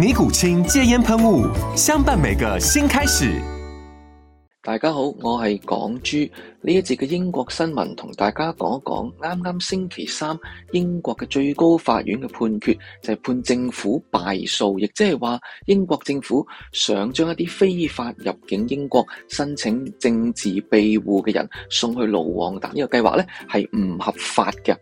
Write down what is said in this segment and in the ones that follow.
尼古清戒煙噴霧，相伴每個新開始。大家好，我係港豬。呢一節嘅英國新聞，同大家講一講。啱啱星期三，英國嘅最高法院嘅判決就係、是、判政府敗訴，亦即係話英國政府想將一啲非法入境英國、申請政治庇護嘅人送去盧旺達呢個計劃咧，係唔合法嘅。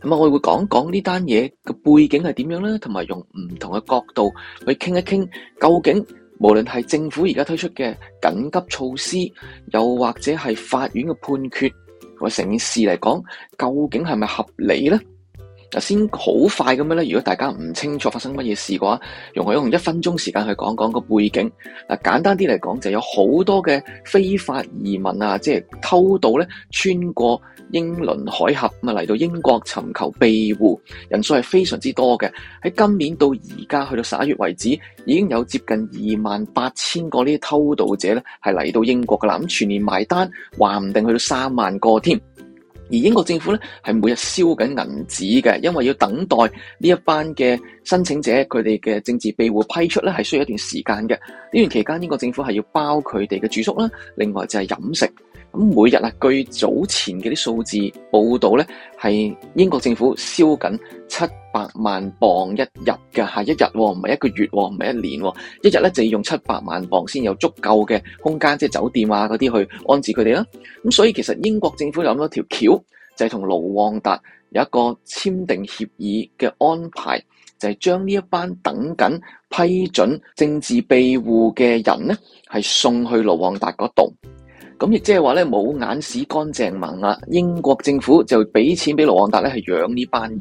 咁啊，我會講講呢單嘢個背景係點樣呢？同埋用唔同嘅角度去傾一傾，究竟無論係政府而家推出嘅緊急措施，又或者係法院嘅判決，或成件事嚟講，究竟係咪合理咧？先好快咁樣咧，如果大家唔清楚發生乜嘢事嘅話，容許我用一分鐘時間去講講個背景。嗱，簡單啲嚟講就係有好多嘅非法移民啊，即係偷渡咧穿過英倫海峽啊嚟到英國尋求庇護，人數係非常之多嘅。喺今年到而家去到十一月為止，已經有接近二萬八千個呢啲偷渡者咧係嚟到英國㗎啦。咁全年埋單，話唔定去到三萬個添。而英國政府咧係每日燒緊銀紙嘅，因為要等待呢一班嘅申請者佢哋嘅政治庇護批出咧，係需要一段時間嘅。呢段期間，英國政府係要包佢哋嘅住宿啦，另外就係飲食。咁每日啊，據早前嘅啲數字報道咧，係英國政府燒緊七百萬鎊一日嘅嚇，下一日唔係一個月，唔係一年，一日咧就要用七百萬鎊先有足夠嘅空間，即係酒店啊嗰啲去安置佢哋啦。咁所以其實英國政府諗咗條橋，就係同盧旺達有一個簽訂協議嘅安排，就係將呢一班等緊批准政治庇護嘅人咧，係送去盧旺達嗰度。咁亦即係話咧，冇眼屎乾淨盲啊，英國政府就俾錢俾盧旺達咧，係養呢班人。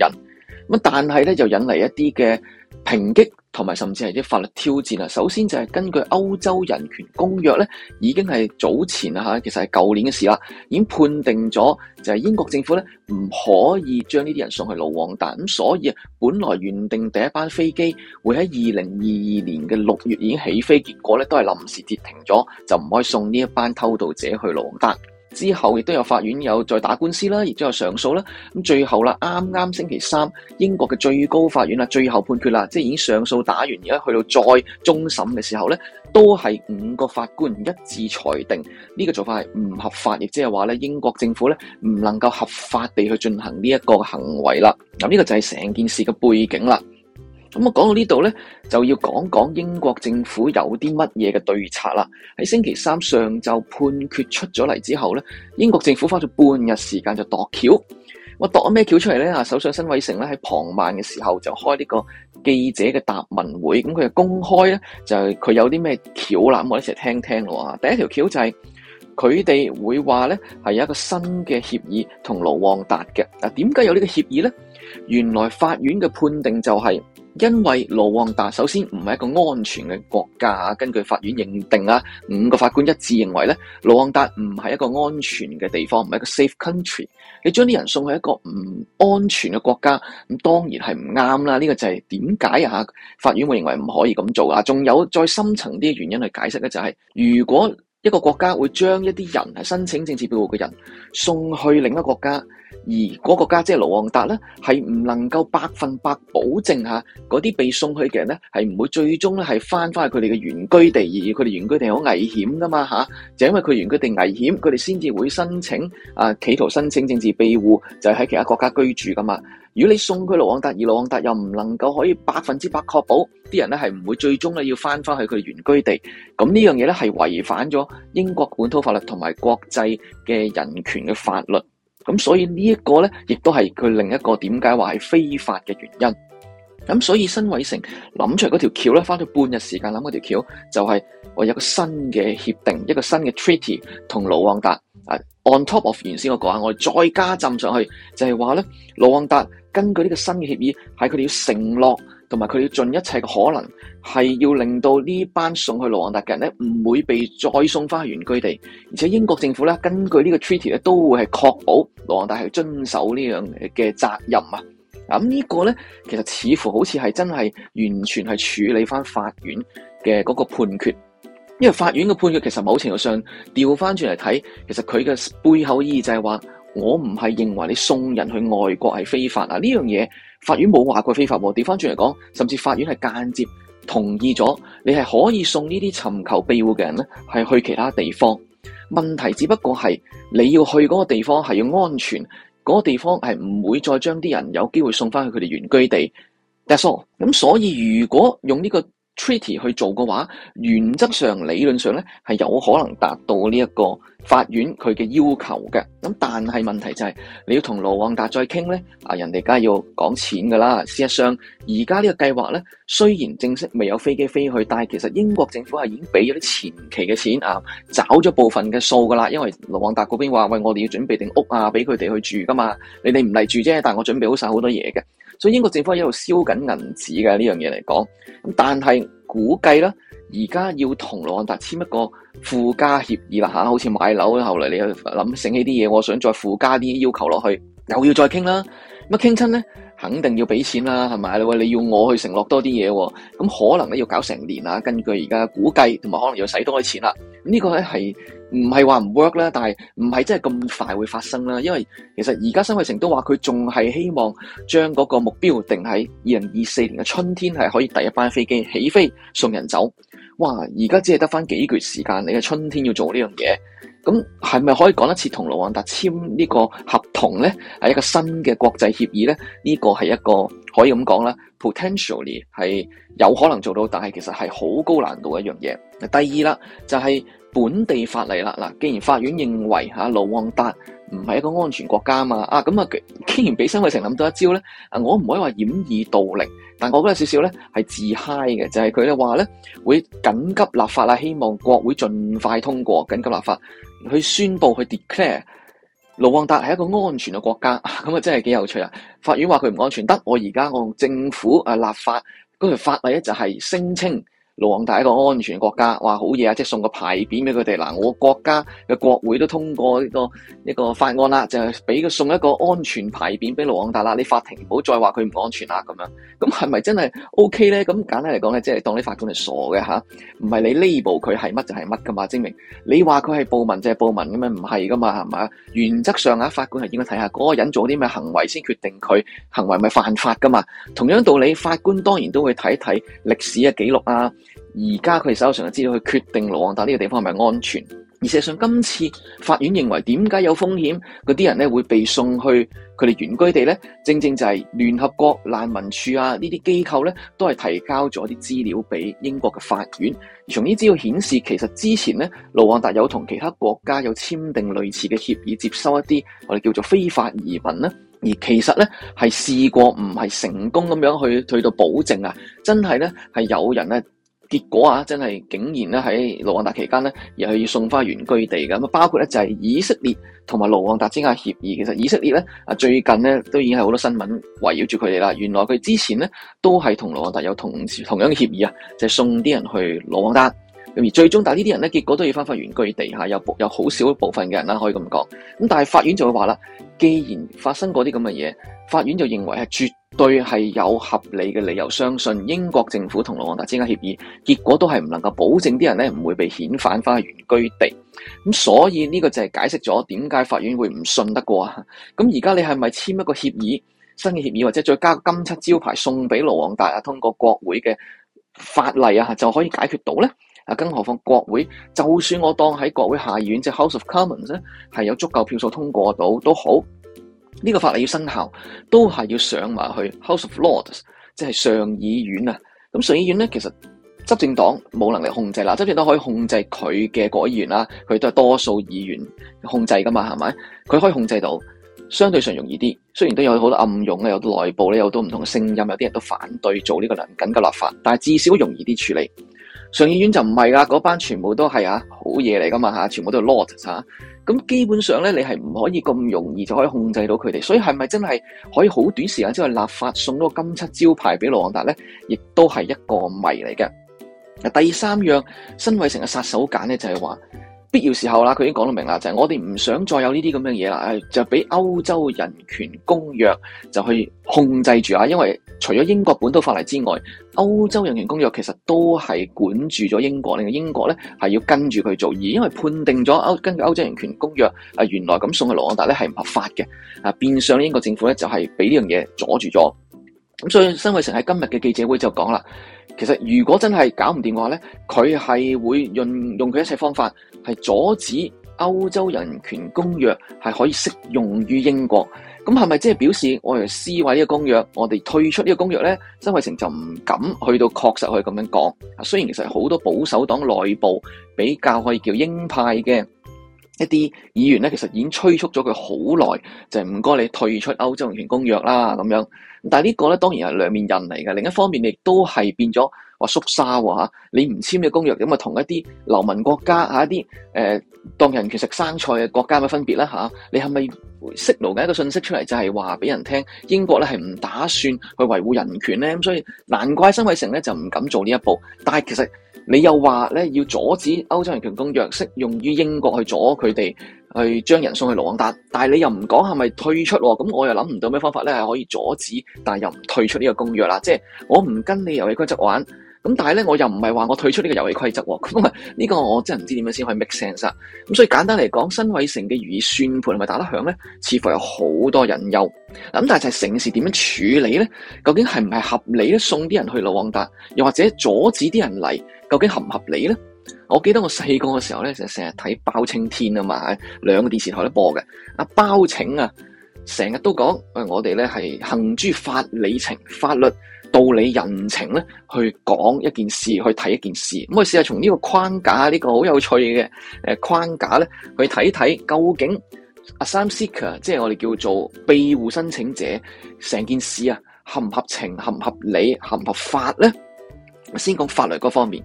咁，但係咧，就引嚟一啲嘅抨擊，同埋甚至係啲法律挑戰啊！首先就係根據歐洲人權公約咧，已經係早前啊嚇，其實係舊年嘅事啦，已經判定咗就係英國政府咧唔可以將呢啲人送去盧旺達。咁所以啊，本來原定第一班飛機會喺二零二二年嘅六月已經起飛，結果咧都係臨時截停咗，就唔可以送呢一班偷渡者去盧旺達。之後亦都有法院有再打官司啦，亦都有上訴啦。咁最後啦，啱啱星期三，英國嘅最高法院啦，最後判決啦，即係已經上訴打完，而家去到再終審嘅時候咧，都係五個法官一致裁定呢個做法係唔合法，亦即係話咧，英國政府咧唔能夠合法地去進行呢一個行為啦。咁呢個就係成件事嘅背景啦。咁我講到呢度咧，就要講講英國政府有啲乜嘢嘅對策啦。喺星期三上晝判決出咗嚟之後咧，英國政府花咗半日時間就度橋。我度咗咩橋出嚟咧？啊，首相辛偉誠咧喺傍晚嘅時候就開呢個記者嘅答問會，咁佢嘅公開咧就係佢有啲咩橋啦。咁我一齊聽聽咯。第一條橋就係佢哋會話咧係有一個新嘅協議同盧旺達嘅嗱，點解有呢個協議咧？原來法院嘅判定就係、是。因為盧旺達首先唔係一個安全嘅國家，根據法院認定啊，五個法官一致認為咧，盧旺達唔係一個安全嘅地方，唔係一個 safe country。你將啲人送去一個唔安全嘅國家，咁當然係唔啱啦。呢、這個就係點解啊？法院會認為唔可以咁做啊？仲有再深層啲嘅原因去解釋咧、就是，就係如果一個國家會將一啲人係申請政治庇護嘅人送去另一個國家。而嗰個家姐盧旺達咧，係唔能夠百分百保證吓嗰啲被送去嘅人咧，係唔會最終咧係翻翻去佢哋嘅原居地，而佢哋原居地好危險噶嘛嚇、啊。就因為佢原居地危險，佢哋先至會申請啊，企圖申請政治庇護，就喺、係、其他國家居住噶嘛。如果你送佢盧旺達，而盧旺達又唔能夠可以百分之百確保啲人咧係唔會最終咧要翻翻去佢哋原居地，咁呢樣嘢咧係違反咗英國本土法律同埋國際嘅人權嘅法律。咁所以呢一個咧，亦都係佢另一個點解話係非法嘅原因。咁所以辛偉誠諗出嗰條橋咧，返咗半日時間諗嗰條橋，就係、是、我有個新嘅協定，一個新嘅 treaty 同盧旺達啊。On top of 原先我講啊，我哋再加浸上去，就係話咧，盧旺達根據呢個新嘅協議，喺佢哋要承諾。同埋佢要盡一切嘅可能，係要令到呢班送去盧旺達嘅人咧，唔會被再送翻去原居地。而且英國政府咧，根據呢個 treaty 咧，都會係確保盧旺達係遵守呢樣嘅責任啊。咁呢個咧，其實似乎好似係真係完全係處理翻法院嘅嗰個判決，因為法院嘅判決其實某程度上調翻轉嚟睇，其實佢嘅背後意義就係話，我唔係認為你送人去外國係非法啊呢樣嘢。法院冇話過非法喎，調翻轉嚟講，甚至法院係間接同意咗，你係可以送呢啲尋求庇護嘅人咧，係去其他地方。問題只不過係你要去嗰個地方係要安全，嗰個地方係唔會再將啲人有機會送翻去佢哋原居地。That's all。咁所以如果用呢個。Treaty 去做嘅話，原則上理論上咧係有可能達到呢一個法院佢嘅要求嘅。咁但係問題就係、是、你要同盧旺達再傾咧，啊人哋梗係要講錢噶啦。事實上，而家呢個計劃咧，雖然正式未有飛機飛去，但係其實英國政府係已經俾咗啲前期嘅錢啊，找咗部分嘅數噶啦。因為盧旺達嗰邊話喂，我哋要準備定屋啊，俾佢哋去住噶嘛。你哋唔嚟住啫，但我準備好晒好多嘢嘅。所以英國政府喺度燒緊銀紙嘅呢樣嘢嚟講，咁但係估計咧，而家要同盧旺達簽一個附加協議啦吓，好似買樓咧，後嚟你諗醒起啲嘢，我想再附加啲要求落去，又要再傾啦。咁啊傾親咧，肯定要俾錢啦，係咪？你要我去承諾多啲嘢喎，咁可能咧要搞成年啦。根據而家估計，同埋可能又要使多啲錢啦。呢個咧係。唔係話唔 work 啦，但係唔係真係咁快會發生啦。因為其實而家辛偉誠都話佢仲係希望將嗰個目標定喺二零二四年嘅春天係可以第一班飛機起飛送人走。哇！而家只係得翻幾個月時間，你嘅春天要做呢樣嘢，咁係咪可以講一次同盧旺達簽呢個合同呢？係一個新嘅國際協議呢。呢、這個係一個可以咁講啦，potentially 係有可能做到，但係其實係好高難度嘅一樣嘢。第二啦，就係、是。本地法例啦，嗱，既然法院認為嚇盧旺達唔係一個安全國家嘛，啊，咁啊，既然俾辛偉誠諗到一招咧，啊，我唔可以話掩耳盜鈴，但我覺得少少咧係自嗨嘅，就係佢咧話咧會緊急立法啦，希望國會盡快通過緊急立法，去宣布去 declare 盧旺達係一個安全嘅國家，咁啊真係幾有趣啊！法院話佢唔安全，得我而家按政府啊立法嗰條、那個、法例咧就係聲稱。盧旺達一個安全國家，話好嘢啊！即係送個牌匾俾佢哋，嗱，我國家嘅國會都通過呢個呢個法案啦，就係俾佢送一個安全牌匾俾盧旺達啦。你法庭唔好再話佢唔安全啦，咁樣咁係咪真係 OK 咧？咁簡單嚟講咧，即係當你法官係傻嘅吓，唔係你 label 佢係乜就係乜噶嘛？證明你話佢係暴民就係暴民咁樣，唔係噶嘛係嘛？原則上啊，法官係應該睇下嗰個人做啲咩行為先決定佢行為咪犯法噶嘛？同樣道理，法官當然都會睇睇歷史嘅記錄啊。而家佢哋手上嘅資料去決定盧旺達呢個地方係咪安全，而事實上今次法院認為點解有風險，嗰啲人咧會被送去佢哋原居地咧，正正就係聯合國難民署啊機呢啲機構咧都係提交咗啲資料俾英國嘅法院。而從呢啲資料顯示，其實之前咧盧旺達有同其他國家有簽訂類似嘅協議，接收一啲我哋叫做非法移民啦。而其實咧係試過唔係成功咁樣去去到保證啊，真係咧係有人咧。結果啊，真係竟然咧喺盧旺達期間咧，又要送翻原居地嘅，咁，包括咧就係以色列同埋盧旺達之間嘅協議，其實以色列咧啊最近咧都已經係好多新聞圍繞住佢哋啦。原來佢之前咧都係同盧旺達有同同樣嘅協議啊，就係、是、送啲人去盧旺達。而最終，但呢啲人咧，結果都要翻返原居地嚇、啊，有部有好少部分嘅人啦，可以咁講。咁但係法院就會話啦，既然發生嗰啲咁嘅嘢，法院就認為係絕對係有合理嘅理由相信英國政府同盧旺達之間協議，結果都係唔能夠保證啲人咧唔會被遣返翻去原居地。咁、嗯、所以呢、這個就係解釋咗點解法院會唔信得過啊？咁而家你係咪簽一個協議，新嘅協議或者再加個金漆招牌送俾盧旺達啊？通過國會嘅法例啊，就可以解決到咧？啊，更何況國會，就算我當喺國會下議院，即、就是、House of Commons 咧，係有足夠票數通過到都好，呢、這個法例要生效，都係要上埋去 House of Lords，即係上議院啊。咁上議院咧，其實執政黨冇能力控制啦，執政黨可以控制佢嘅國會議員啦，佢都係多數議員控制噶嘛，係咪？佢可以控制到，相對上容易啲。雖然都有好多暗湧咧，有內部咧，有好多唔同嘅聲音，有啲人都反對做呢個緊急嘅立法，但係至少容易啲處理。上議院就唔係啦，嗰班全部都係啊，好嘢嚟噶嘛嚇，全部都係 Lord 嚇，咁基本上咧，你係唔可以咁容易就可以控制到佢哋，所以係咪真係可以好短時間之內立法送嗰個金七招牌俾盧旺達咧，亦都係一個謎嚟嘅。嗱，第三樣辛偉誠嘅殺手鐧咧就係話。必要時候啦，佢已經講到明啦，就係我哋唔想再有呢啲咁嘅嘢啦，誒，就俾歐洲人權公約就去控制住啊，因為除咗英國本土法例之外，歐洲人權公約其實都係管住咗英國，令英國咧係要跟住佢做，而因為判定咗歐根據歐洲人權公約，啊，原來咁送去盧旺達咧係唔合法嘅，啊，變相英國政府咧就係俾呢樣嘢阻住咗。咁所以，辛偉誠喺今日嘅記者會就講啦，其實如果真係搞唔掂嘅話咧，佢係會用用佢一切方法，係阻止歐洲人權公約係可以適用於英國，咁係咪即係表示我哋撕毀呢個公約，我哋退出呢個公約咧？辛偉誠就唔敢去到確實去咁樣講啊，雖然其實好多保守黨內部比較可以叫鷹派嘅。一啲議員咧，其實已經催促咗佢好耐，就係唔該你退出歐洲人權公約啦咁樣。但係呢個咧當然係兩面人嚟嘅，另一方面亦都係變咗話縮沙喎、啊、你唔簽嘅公約，咁啊同一啲流民國家、啊、一啲誒、呃、當人權食生菜嘅國家嘅分別啦、啊、你係咪釋路嘅一個信息出嚟，就係話俾人聽英國咧係唔打算去維護人權咧？咁所以難怪辛偉誠咧就唔敢做呢一步。但係其實。你又話咧要阻止歐洲人權公約適用於英國去阻佢哋去將人送去盧旺達，但你又唔講係咪退出喎？咁我又諗唔到咩方法咧係可以阻止，但係又唔退出呢個公約啦。即係我唔跟你遊戲規則玩，咁但係咧我又唔係話我退出呢個遊戲規則喎。咁啊呢個我真係唔知點樣先可以 make sense 咁所以簡單嚟講，辛偉誠嘅如意算盤係咪打得響咧？似乎有好多隱憂。咁但係就成事點樣處理咧？究竟係唔係合理咧？送啲人去盧旺達，又或者阻止啲人嚟？究竟合唔合理咧？我記得我細個嘅時候咧，就成日睇包青天啊嘛，兩個電視台都播嘅。阿包拯啊，成日都講，喂，我哋咧係行諸法理情、法律、道理、人情咧，去講一件事，去睇一件事。咁、嗯、我哋試下從呢個框架，呢、這個好有趣嘅誒框架咧，去睇睇究竟阿 Sam Seeker，即係我哋叫做庇護申請者，成件事啊，合唔合情、合唔合理、合唔合法咧？先講法律嗰方面。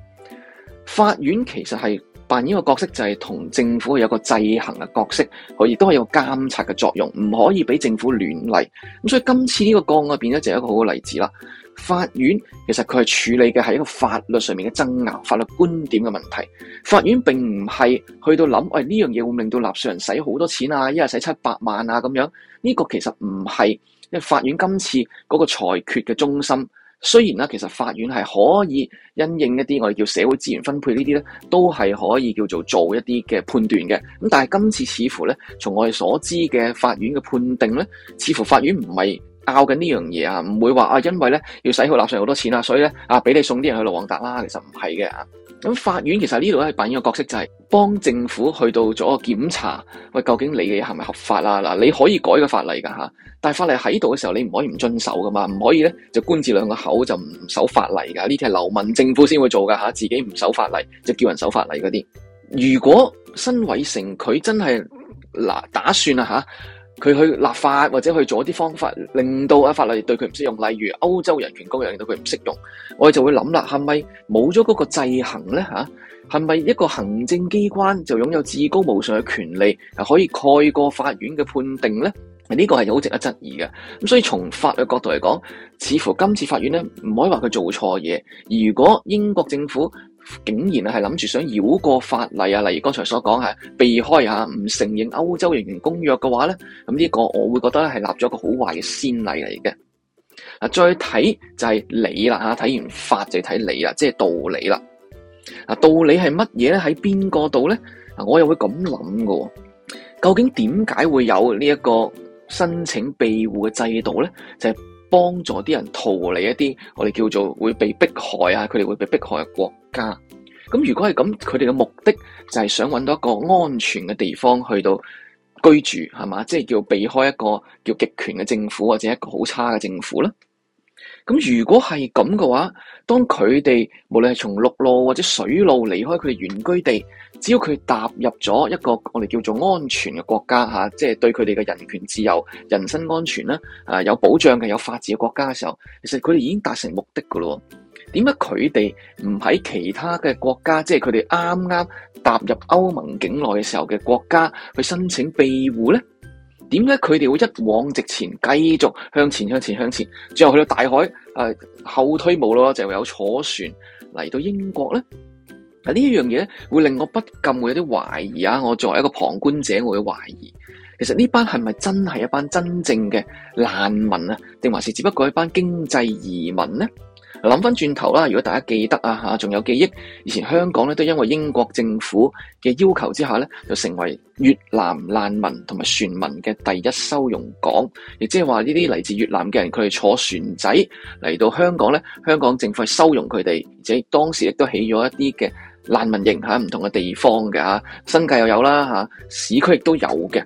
法院其實係扮演一個角色，就係同政府有個制衡嘅角色，可以都係有個監察嘅作用，唔可以俾政府亂嚟。咁所以今次呢個個案變咗就係一個好嘅例子啦。法院其實佢係處理嘅係一個法律上面嘅爭拗、法律觀點嘅問題。法院並唔係去到諗，喂、哎、呢樣嘢會，會令到納稅人使好多錢啊，一日使七百萬啊咁樣。呢、這個其實唔係，因為法院今次嗰個裁決嘅中心。雖然咧，其實法院係可以因應一啲我哋叫社會資源分配呢啲咧，都係可以叫做做一啲嘅判斷嘅。咁但係今次似乎咧，從我哋所知嘅法院嘅判定咧，似乎法院唔係拗緊呢樣嘢啊，唔會話啊，因為咧要使開納稅人好多錢啊，所以咧啊俾你送啲人去盧旺達啦，其實唔係嘅啊。咁法院其實呢度咧扮演個角色就係幫政府去到咗個檢查，喂究竟你嘅嘢係咪合法啦？嗱，你可以改個法例噶嚇，但係法例喺度嘅時候，你唔可以唔遵守噶嘛，唔可以咧就官字兩個口就唔守法例噶。呢啲係流氓政府先會做噶嚇，自己唔守法例就叫人守法例嗰啲。如果辛偉誠佢真係嗱打算啊嚇佢去立法或者去做一啲方法，令到啊法律對佢唔適用，例如歐洲人權公約令到佢唔適用，我哋就會諗啦，係咪冇咗嗰個制衡咧？吓，係咪一個行政機關就擁有至高無上嘅權利，可以蓋過法院嘅判定咧？呢、呢個係好值得質疑嘅咁，所以從法律角度嚟講，似乎今次法院咧唔可以話佢做錯嘢，而如果英國政府。竟然係諗住想繞過法例啊，例如剛才所講係避開吓，唔承認歐洲人權公約嘅話咧，咁、這、呢個我會覺得係立咗一個好壞嘅先例嚟嘅。嗱，再睇就係理啦吓，睇完法就睇理啦，即係道理啦。嗱，道理係乜嘢咧？喺邊個度咧？我又會咁諗嘅。究竟點解會有呢一個申請庇護嘅制度咧？即係。幫助啲人逃離一啲我哋叫做會被迫害啊，佢哋會被迫害嘅國家。咁如果係咁，佢哋嘅目的就係想搵到一個安全嘅地方去到居住，係嘛？即係叫避開一個叫極權嘅政府或者一個好差嘅政府啦。咁如果係咁嘅話，當佢哋無論係從陸路或者水路離開佢哋原居地，只要佢踏入咗一個我哋叫做安全嘅國家吓，即係對佢哋嘅人權自由、人身安全咧啊有保障嘅、有法治嘅國家嘅時候，其實佢哋已經達成目的噶咯。點解佢哋唔喺其他嘅國家，即係佢哋啱啱踏入歐盟境內嘅時候嘅國家去申請庇護咧？點解佢哋會一往直前，繼續向前、向前、向前，最後去到大海？誒、呃，後退冇咯，就唯有坐船嚟到英國咧。啊，呢樣嘢會令我不禁會有啲懷疑啊！我作為一個旁觀者，我會懷疑，其實呢班係咪真係一班真正嘅難民啊？定還是只不過一班經濟移民咧？諗翻轉頭啦，如果大家記得啊吓，仲有記憶，以前香港咧都因為英國政府嘅要求之下咧，就成為越南難民同埋船民嘅第一收容港，亦即係話呢啲嚟自越南嘅人，佢哋坐船仔嚟到香港咧，香港政府係收容佢哋，而且當時亦都起咗一啲嘅難民營喺唔同嘅地方嘅吓，新界又有啦吓，市區亦都有嘅。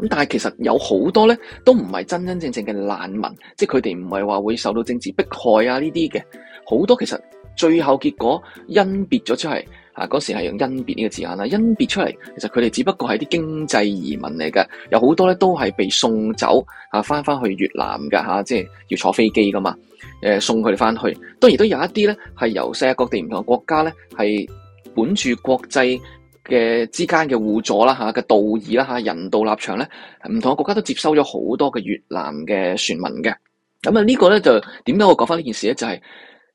咁但係其實有好多咧，都唔係真真正正嘅難民，即係佢哋唔係話會受到政治迫害啊呢啲嘅。好多其實最後結果甄別咗出嚟，啊嗰時係用甄別呢個字眼啦，甄別出嚟，其實佢哋只不過係啲經濟移民嚟嘅。有好多咧都係被送走啊，翻翻去越南㗎、啊。即係要坐飛機㗎嘛。呃、送佢哋翻去，當然都有一啲咧係由世界各地唔同嘅國家咧係本住國際。嘅之間嘅互助啦嚇，嘅道義啦嚇，人道立場咧，唔同嘅國家都接收咗好多嘅越南嘅船民嘅。咁啊呢個咧就點解我講翻呢件事咧？就係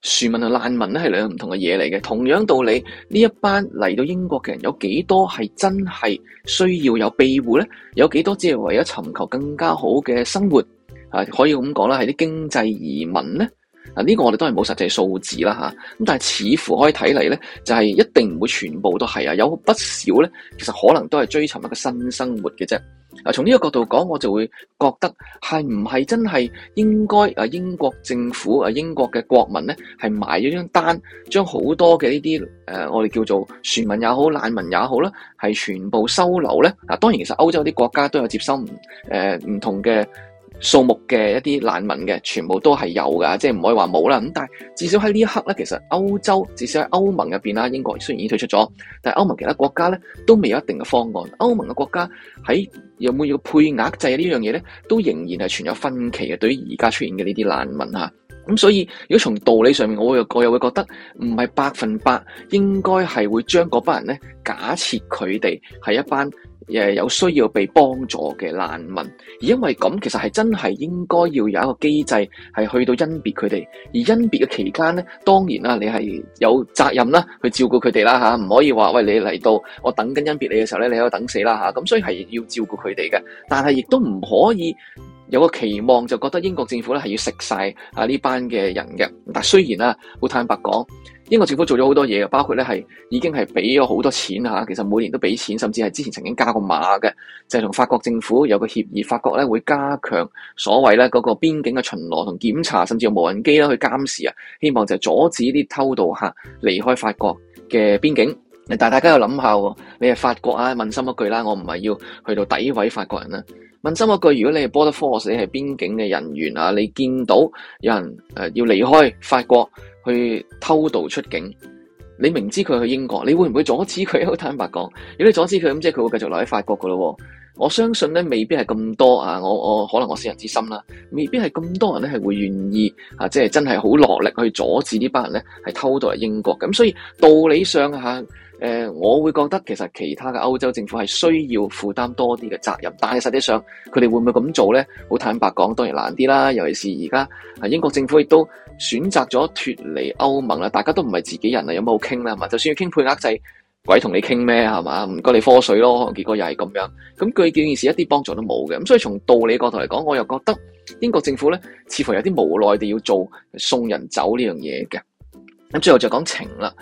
船民同難民咧係兩唔同嘅嘢嚟嘅。同樣道理，呢一班嚟到英國嘅人有幾多係真係需要有庇護咧？有幾多只係為咗尋求更加好嘅生活啊？可以咁講啦，係啲經濟移民咧。嗱，呢個我哋都係冇實際數字啦嚇，咁但係似乎可以睇嚟咧，就係、是、一定唔會全部都係啊，有不少咧，其實可能都係追尋一個新生活嘅啫。啊，從呢個角度講，我就會覺得係唔係真係應該啊英國政府啊英國嘅國民咧，係埋咗張單，將好多嘅呢啲誒我哋叫做船民也好、難民也好啦，係全部收留咧。嗱，當然其實歐洲啲國家都有接收唔、呃、唔同嘅。數目嘅一啲難民嘅，全部都係有噶，即係唔可以話冇啦。咁但係至少喺呢一刻咧，其實歐洲，至少喺歐盟入邊啦，英國雖然已經退出咗，但係歐盟其他國家咧都未有一定嘅方案。歐盟嘅國家喺有冇要配額制呢樣嘢咧，都仍然係存有分歧嘅。對於而家出現嘅呢啲難民嚇。咁所以如果從道理上面，我又我又會覺得唔係百分百應該係會將嗰班人咧，假設佢哋係一班，誒有需要被幫助嘅難民，而因為咁，其實係真係應該要有一個機制係去到甄別佢哋，而甄別嘅期間咧，當然啦，你係有責任啦，去照顧佢哋啦吓，唔可以話喂，你嚟到我等緊甄別你嘅時候咧，你喺度等死啦吓，咁所以係要照顧佢哋嘅，但係亦都唔可以。有個期望就覺得英國政府咧係要食晒啊呢班嘅人嘅。但雖然咧好坦白講，英國政府做咗好多嘢嘅，包括咧係已經係俾咗好多錢吓。其實每年都俾錢，甚至係之前曾經加過碼嘅，就係、是、同法國政府有個協議，法國咧會加強所謂咧嗰個邊境嘅巡邏同檢查，甚至用無人機啦去監視啊，希望就係阻止啲偷渡客離開法國嘅邊境。但大家要諗下喎，你係法國啊問心一句啦，我唔係要去到詆毀法國人啦。問心一句，如果你係 Border Force，你係邊境嘅人員啊，你見到有人誒要離開法國去偷渡出境，你明知佢去英國，你會唔會阻止佢？坦白講，如果你阻止佢，咁即係佢會繼續留喺法國噶咯。我相信咧，未必係咁多啊。我我可能我私人之心啦，未必係咁多人咧係會願意啊，即係真係好落力去阻止呢班人咧係偷渡嚟英國。咁所以道理上嚇。誒、呃，我會覺得其實其他嘅歐洲政府係需要負擔多啲嘅責任，但係實際上佢哋會唔會咁做咧？好坦白講，當然難啲啦。尤其是而家啊，英國政府亦都選擇咗脫離歐盟啦，大家都唔係自己人啊，有咩好傾啦？係嘛，就算要傾配額制，鬼同你傾咩係嘛？唔該你科水咯，結果又係咁樣。咁據件件事一啲幫助都冇嘅。咁所以從道理角度嚟講，我又覺得英國政府咧，似乎有啲無奈地要做送人走呢樣嘢嘅。咁最後就講情啦，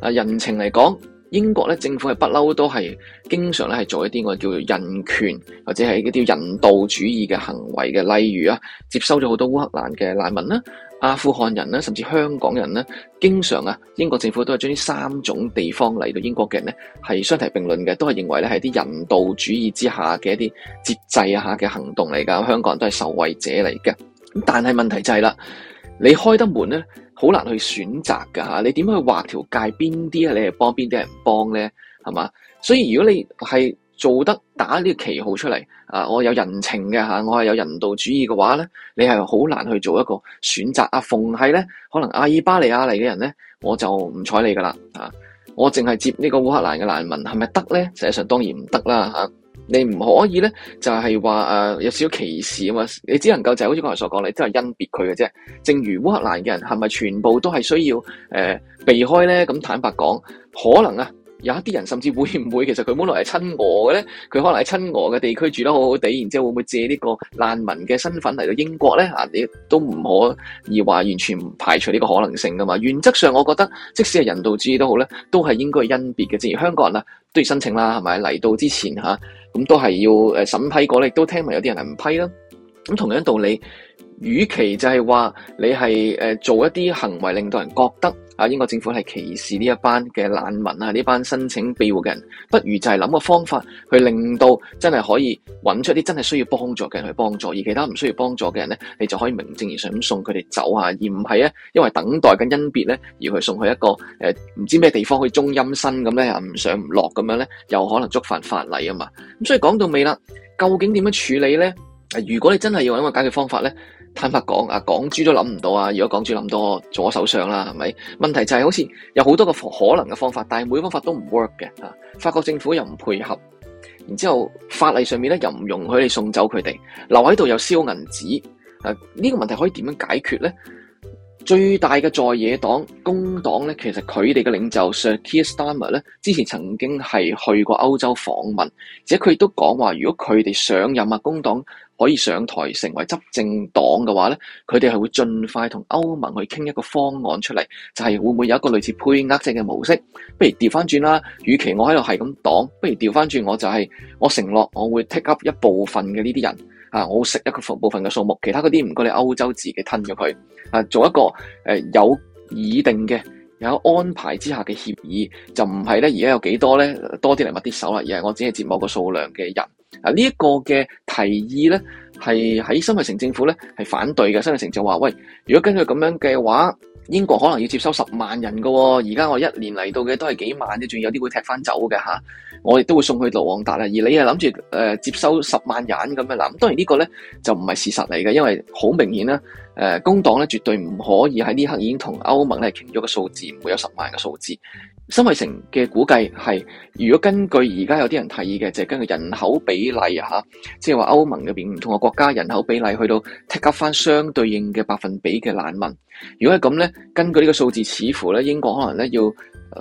啊人情嚟講。英國咧政府係不嬲都係經常咧係做一啲我哋叫做人權或者係一啲人道主義嘅行為嘅，例如啊，接收咗好多烏克蘭嘅難民啦、阿富汗人啦，甚至香港人咧，經常啊，英國政府都係將呢三種地方嚟到英國嘅人咧係相提並論嘅，都係認為咧係啲人道主義之下嘅一啲節制下嘅行動嚟㗎，香港人都係受惠者嚟嘅。但係問題就係啦，你開得門咧？好難去選擇噶吓，你點去劃條界邊啲啊？你係幫邊啲人幫咧？係嘛？所以如果你係做得打呢個旗號出嚟啊，我有人情嘅，吓，我係有人道主義嘅話咧，你係好難去做一個選擇。阿奉係咧，可能阿爾巴尼亞嚟嘅人咧，我就唔睬你噶啦吓，我淨係接呢個烏克蘭嘅難民，係咪得咧？實際上當然唔得啦吓。你唔可以咧，就係話誒有少少歧視啊嘛！你只能夠就係好似剛才所講，你都係甄別佢嘅啫。正如烏克蘭嘅人係咪全部都係需要誒、呃、避開咧？咁坦白講，可能啊有一啲人甚至會唔會其實佢本來係親俄嘅咧，佢可能喺親俄嘅地區住得好好地，然之後會唔會借呢個難民嘅身份嚟到英國咧？啊，你都唔可以話完全唔排除呢個可能性噶嘛？原則上，我覺得即使係人道主義都好咧，都係應該甄別嘅。正如香港人啊都要申請啦，係咪嚟到之前、啊咁都係要誒審批過，咧亦都聽聞有啲人係唔批啦。咁同樣道理，與其就係話你係誒做一啲行為，令到人覺得。啊！英國政府係歧視呢一班嘅難民啊，呢班申請庇護嘅人，不如就係諗個方法去令到真係可以揾出啲真係需要幫助嘅人去幫助，而其他唔需要幫助嘅人咧，你就可以名正言順咁送佢哋走下。而唔係咧因為等待緊甄別咧而去送去一個誒唔、呃、知咩地方去中陰身咁咧，又唔上唔落咁樣咧，又可能觸犯法例啊嘛。咁所以講到尾啦，究竟點樣處理咧？如果你真係要諗個解決方法咧？坦白講，啊港珠都諗唔到啊！如果港珠諗到咗手上啦，係咪？問題就係、是、好似有好多個可能嘅方法，但係每個方法都唔 work 嘅嚇。法國政府又唔配合，然之後法例上面咧又唔容許你送走佢哋，留喺度又燒銀紙。啊，呢個問題可以點樣解決咧？最大嘅在野黨工黨咧，其實佢哋嘅領袖 Sir Keir Starmer 咧，之前曾經係去過歐洲訪問，而且佢亦都講話，如果佢哋上任啊，工黨。可以上台成為執政黨嘅話，呢佢哋係會盡快同歐盟去傾一個方案出嚟，就係會唔會有一個類似配額制嘅模式？不如調翻轉啦，與其我喺度係咁擋，不如調翻轉。我就係我承諾我會 take up 一部分嘅呢啲人啊，我會食一個部分嘅數目，其他嗰啲唔該你歐洲自己吞咗佢啊，做一個誒有擬定嘅有安排之下嘅協議，就唔係呢而家有幾多呢多啲嚟握啲手啦，而係我只係接某個數量嘅人。啊！呢、這、一個嘅提議咧，係喺辛偉誠政府咧係反對嘅。辛偉誠就話：喂，如果根據咁樣嘅話，英國可能要接收十萬人喎、哦。而家我一年嚟到嘅都係幾萬，啲仲有啲會踢返走嘅吓、啊。我亦都會送去盧旺達啊。而你又諗住誒接收十萬人咁樣啦。當然個呢個咧就唔係事實嚟嘅，因為好明顯啦，誒、呃、工黨咧絕對唔可以喺呢刻已經同歐盟咧傾咗個數字，唔會有十萬嘅數字。辛偉誠嘅估計係，如果根據而家有啲人提議嘅，就係、是、根據人口比例嚇、啊，即係話歐盟入面唔同嘅國家人口比例去到 take 翻相對應嘅百分比嘅難民。如果係咁咧，根據呢個數字，似乎咧英國可能咧要誒誒、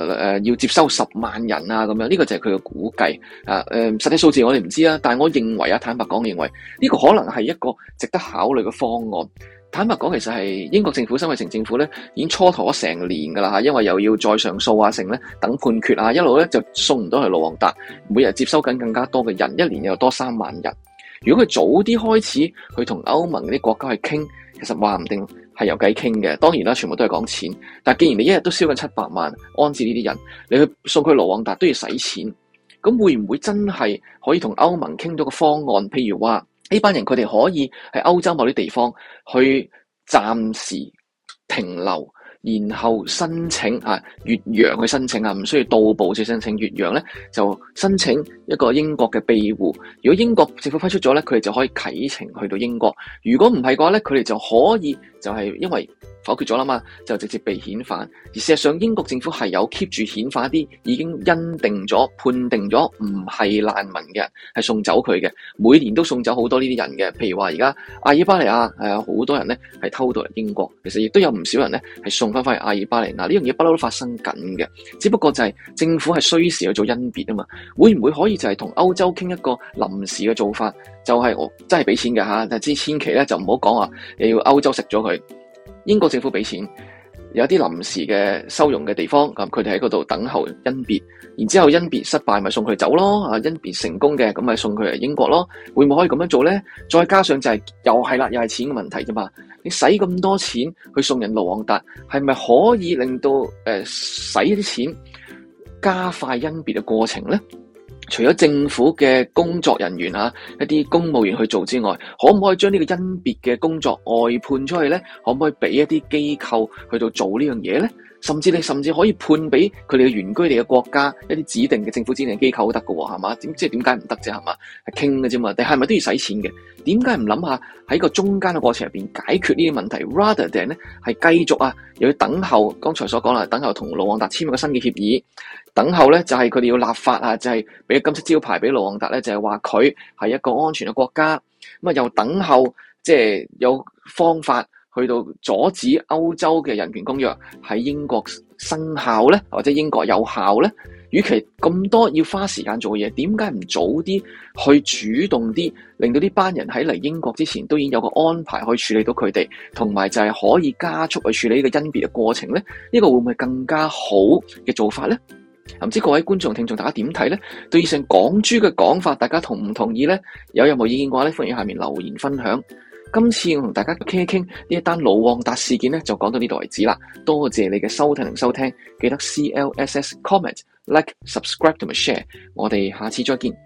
呃、要接收十萬人啊咁樣。呢、這個就係佢嘅估計啊誒、呃，實際數字我哋唔知啦。但係我認為啊，坦白講，認為呢、這個可能係一個值得考慮嘅方案。坦白講，其實係英國政府、辛偉誠政府咧，已經蹉跎咗成年㗎啦嚇，因為又要再上訴啊，成咧等判決啊，一路咧就送唔到去盧旺達，每日接收緊更加多嘅人，一年又多三萬人。如果佢早啲開始去同歐盟嗰啲國家去傾，其實話唔定係有計傾嘅。當然啦，全部都係講錢。但既然你一日都燒緊七百萬安置呢啲人，你去送佢盧旺達都要使錢，咁會唔會真係可以同歐盟傾到個方案？譬如話。呢班人佢哋可以喺歐洲某啲地方去暫時停留。然後申請越洋去申請啊，唔需要到步再申請越洋咧，就申請一個英國嘅庇護。如果英國政府批出咗咧，佢哋就可以啟程去到英國；如果唔係嘅話咧，佢哋就可以就係因為否決咗啦嘛，就直接被遣返。而事實上，英國政府係有 keep 住遣返一啲已經因定咗、判定咗唔係難民嘅人，係送走佢嘅。每年都送走好多呢啲人嘅，譬如話而家阿爾巴尼亞係好多人咧係偷渡嚟英國，其實亦都有唔少人咧係送。翻翻去阿爾巴尼亞呢樣嘢不嬲都發生緊嘅，只不過就係政府係需時去做甄別啊嘛，會唔會可以就係同歐洲傾一個臨時嘅做法？就係、是、我真係俾錢嘅吓，但係千千祈咧就唔好講啊，又要歐洲食咗佢。英國政府俾錢，有啲臨時嘅收容嘅地方咁，佢哋喺嗰度等候甄別，然之後甄別失敗咪送佢走咯啊！甄別成功嘅咁咪送佢嚟英國咯，會唔會可以咁樣做咧？再加上就係又係啦，又係錢嘅問題啫嘛。使咁多錢去送人盧旺達，係咪可以令到誒使啲、呃、錢加快甄別嘅過程咧？除咗政府嘅工作人員、啊、一啲公務員去做之外，可唔可以將呢個甄別嘅工作外判出去咧？可唔可以俾一啲機構去到做這件事呢樣嘢咧？甚至你甚至可以判俾佢哋嘅原居地嘅國家一啲指定嘅政府指定機構都得嘅喎，係嘛？點即係點解唔得啫？係嘛？係傾嘅啫嘛？你係咪都要使錢嘅？點解唔諗下喺個中間嘅過程入邊解決呢啲問題，rather than 咧係繼續啊，又要等候？剛才所講啦，等候同盧旺達簽一個新嘅協議，等候咧就係佢哋要立法啊，就係俾金色招牌俾盧旺達咧，就係話佢係一個安全嘅國家。咁啊，又等候即係有方法。去到阻止歐洲嘅人權公約喺英國生效咧，或者英國有效咧，與其咁多要花時間做嘢，點解唔早啲去主動啲，令到呢班人喺嚟英國之前都已經有個安排，去處理到佢哋，同埋就係可以加速去處理呢個甄別嘅過程咧？呢個會唔會更加好嘅做法咧？唔知各位觀眾聽眾大家點睇咧？對以上港豬嘅講法，大家同唔同意咧？有任何意見嘅話咧，歡迎下面留言分享。今次我同大家傾一傾呢一單盧旺達事件呢，就講到呢度為止啦。多謝你嘅收聽同收聽，記得 CLSS comment like subscribe 同埋 share，我哋下次再見。